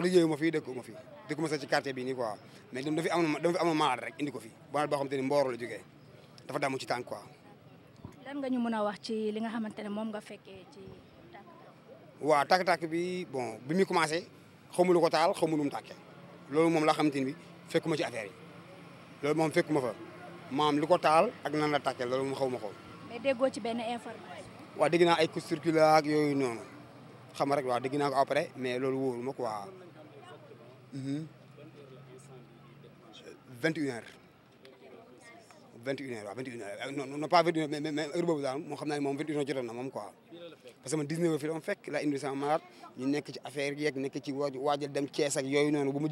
ginnaaw liggéeyu ma fii dëkku ma fii dëkku ma sax ci quartier bi nii quoi mais dama fi amoon dama fi amoon malade rek indi ko fi ba la jógee dafa damu ci tànk quoi. lan nga ñu a wax ci li bi bon bi muy commencé xamu lu ko taal xamu lu mu tàkkee loolu moom laa xamante bi fekk fekkuma ci affaire yi loolu moom fekkuma fa maam lu ko taal ak na la tàkkee loolu moom xaw ma ko. mais déggoo ci benn information. waaw dégg naa ay coups circulaires ak yooyu noonu après mais loolu wóoruma quoi. Mhm. vingt et une heures vingt et une heures waaw vingt euh, pas vingt et une heures mais mais heure boobu daal moom xam naa moom vingt et une heures jotoon na moom quoi parce que man dix-neuf heures fi doon fekk laa indi sama malade ñu nekk ci affaire yeeg nekk ci waajal dem Thiès ak yooyu noonu bu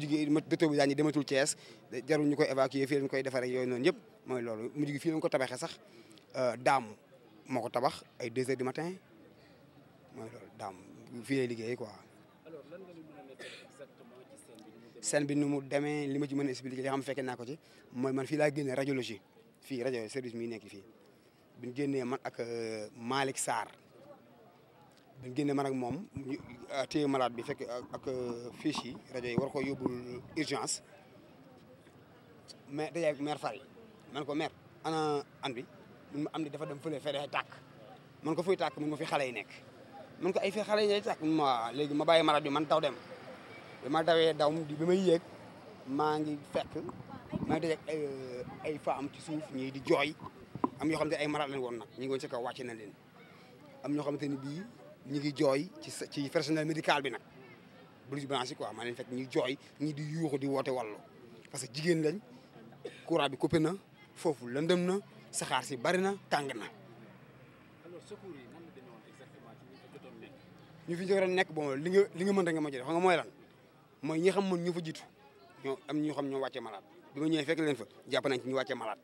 koy évacuer fii lañ koy defar mooy loolu mu jugee fii ko tabaxee sax euh, daam moo ko tabax ay deux heures du matin mooy loolu daam fii liggéey quoi. scène bi nu mu demee li ma ci mën a expliquer li xam fekkee naa ko ci mooy man fi laa génnee radiologie fii rajo service mi nekk fii bi génnee man ak euh, Malick saar bi génnee man ak moom euh, téye malade bi fekk euh, ak fiche yi rajo yi war ko yóbbul mais dajaay maire Fary ko maire ana am bi mun ma am di dafa dem fële fee dafay tàkk man ko fuy tàkk mun ma fi xale yi nekk man ko ay fee xale yi day ma léegi ma bàyyi malade bi man taw dem bi ma dawee daw bi may yéeg maa ngi fekk maa ngi dajeeg eh, ay femmes ñii di jooy am ñoo xam ne ay maral lañ woon nag ñu ngi woon ci kaw wàcce na leen am ñoo xamante ni bii ñu ngi jooy ci ci personnel médical bi nag blouse blanche quoi maa leen fekk ñu jooy ñii di yuuxu di woote wàllu parce que jigéen lañ courant bi coupé na foofu lëndëm na saxaar si bari na tàng na. ñu fi ñu nekk bon li nga li nga mën a nga nga mooy lan. mooy ñi xam man ñu fa jiitu ñoo am ñoo xam ñoo wàccee malade bi ma ñëwee fekk leen fa jàpp nañ ñu wàccee malade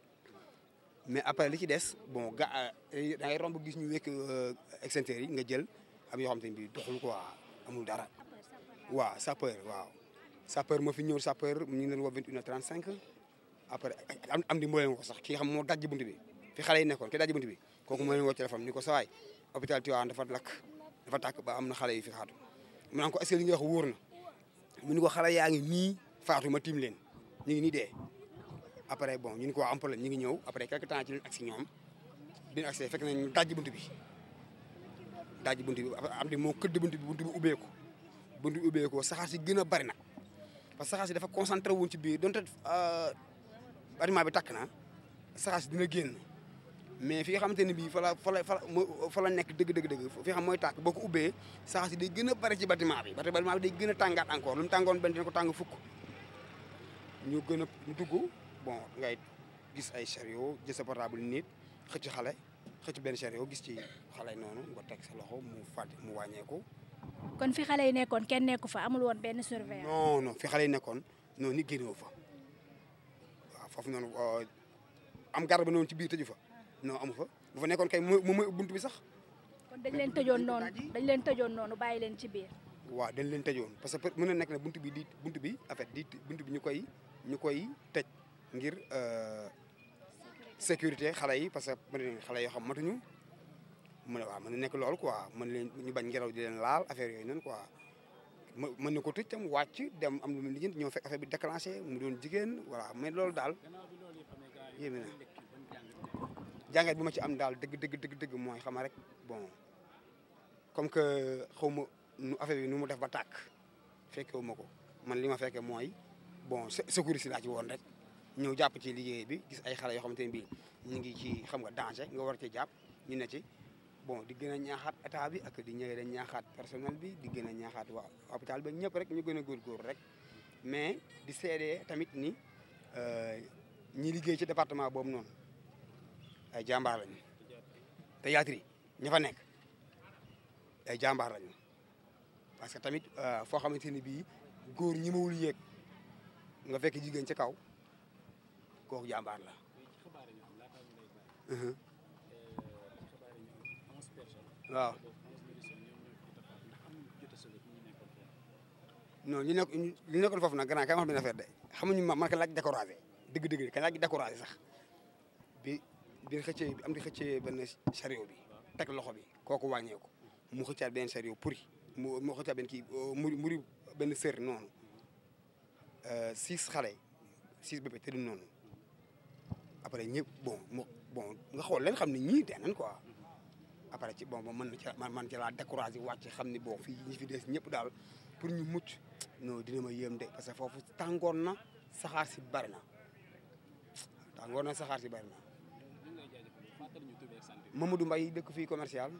mais après li ci des bon ga euh, a ngay romb gis ñu wekk euh, extincteurs yi nga jël am yoo xam te ne bii doxul quoi amul dara waaw sapeur waaw sapeur moo fi ñëw sapeur ñu ngi leen woo 21 35 après am am di moo leen ko sax ki nga xam moo dajji bunt bi fi xale yi nekkoon ki dajji bunt bi kooku moo leen woo téléphone ni ko sawaay hôpital Tivaouane dafa lakk dafa tàkk ba am na xale yu fi xaatu mu naan ko est-ce nga wax na mu ni ko xale yaa ngi nii faatu ma tiim leen ñu ngi nii dee après bon ñu nu ko waa am problème ñu ngi ñëw après quelque temps ci leen agsi ñoom bi ñu agsee fekk nañ ñu bunt bi dajji bunt bi am di moo këdd bunt bi bunt bi ubbeeku bunt bi ubbeekoo saxaar si gën a bari nag parce que saxaar si dafa concentré woon ci biir donte euh, bâtiment bi takk na saxaar dina génn mais fi nga xamante ne bii fa la fa la fa la nekk dëgg dëgg dëgg fi xam mooy tàkk boo ko ubbee saxaar si day gën a bare ci bâtiment bi bâtiment bi day gën a tàngaat encore lu mu tàngoon benn dina ko tàng fukk ñu dugg bon ngay gis ay chariot jël sa portable nit xëcc xale xëcc benn chariot gis ci xale noonu nga teg sa loxo mu fàtte mu wàññeeku. kon fi xale yi nekkoon kenn nekku fa amul woon benn surveillance. non non fi xale nekkoon noonu nit génnoo fa waaw noonu euh, am garab bi noonu ci biir tëju fa. non amu fa bu fa nekkoon kay moom mooy buntu bi sax. kon dañ leen tëjoon noonu dañ leen tëjoon noonu bàyyi leen ci biir. waaw dañ leen tëjoon parce que mën na nekk ne buntu bi di buntu bi en di buntu bi ñu koy ñu koy tëj ngir euh, sécurité xale yi parce que mën na xale yoo xam matuñu mu ne mën na nekk loolu quoi mën leen ñu bañ ngelaw di leen laal affaire yooyu noonu quoi. ma mën na ko tëj tam wàcc dem am lu mu liggéey ñoo fekk affaire bi déclenché mu doon jigéen voilà mais loolu daal jàngat bi ma ci am daal dëgg dëgg dëgg dëgg mooy xama rek bon comme que xaw ma nu affaire bi nu mu def ba tàkk fekkewu ma ko man li ma fekke mooy bon secouriste laa ci woon rek ñëw jàpp ci liggéey bi gis ay xale yoo xamante ne bii ñu ngi ci xam nga danger nga war ci jàpp ñu ne ci bon di gën a ñaaxaat état bi ak di ñëwee dañ ñaaxaat personnel bi di gën a ñaaxaat waa hôpital ba ñëpp rek ñu gën a góorgóor rek mais di seedee tamit ni euh, ñi liggéey ci département boobu noonu ay jàmbaar lañu théâtre ña fa nekk ay jàmbaar lañu parce que tamit euh, foo xamante ni bii góor ñi mawul yéeg nga fekk jigéen ci kaw kook jàmbaar la ñu nekk ñu nekkoon foofu nag gannaaw kay ma xam ne affaire de xamuñu ma man ka laaj découragé dëgg-dëgg ka laaj découragé sax bi xëccee am di xëccee benn chariot bi teg loxo bi kooku wàññeeku mu xëccaat benn chariot puri mu mu ci benn kii mu muri benn sër noonu euh, six xale six bébé te du noonu après ñëpp bon mu bon nga xool leen xam ne ñii dee nañ quoi après ci bon man ci man ci laa découragé wàcc xam ni boo fii ñi fi des ñëpp daal pour ñu mucc non dina ma yéem de parce que foofu tàngoor na saxaar si bari na tàngoor na saxaar si bari na Mamadou Mbaye dëkk fii commercial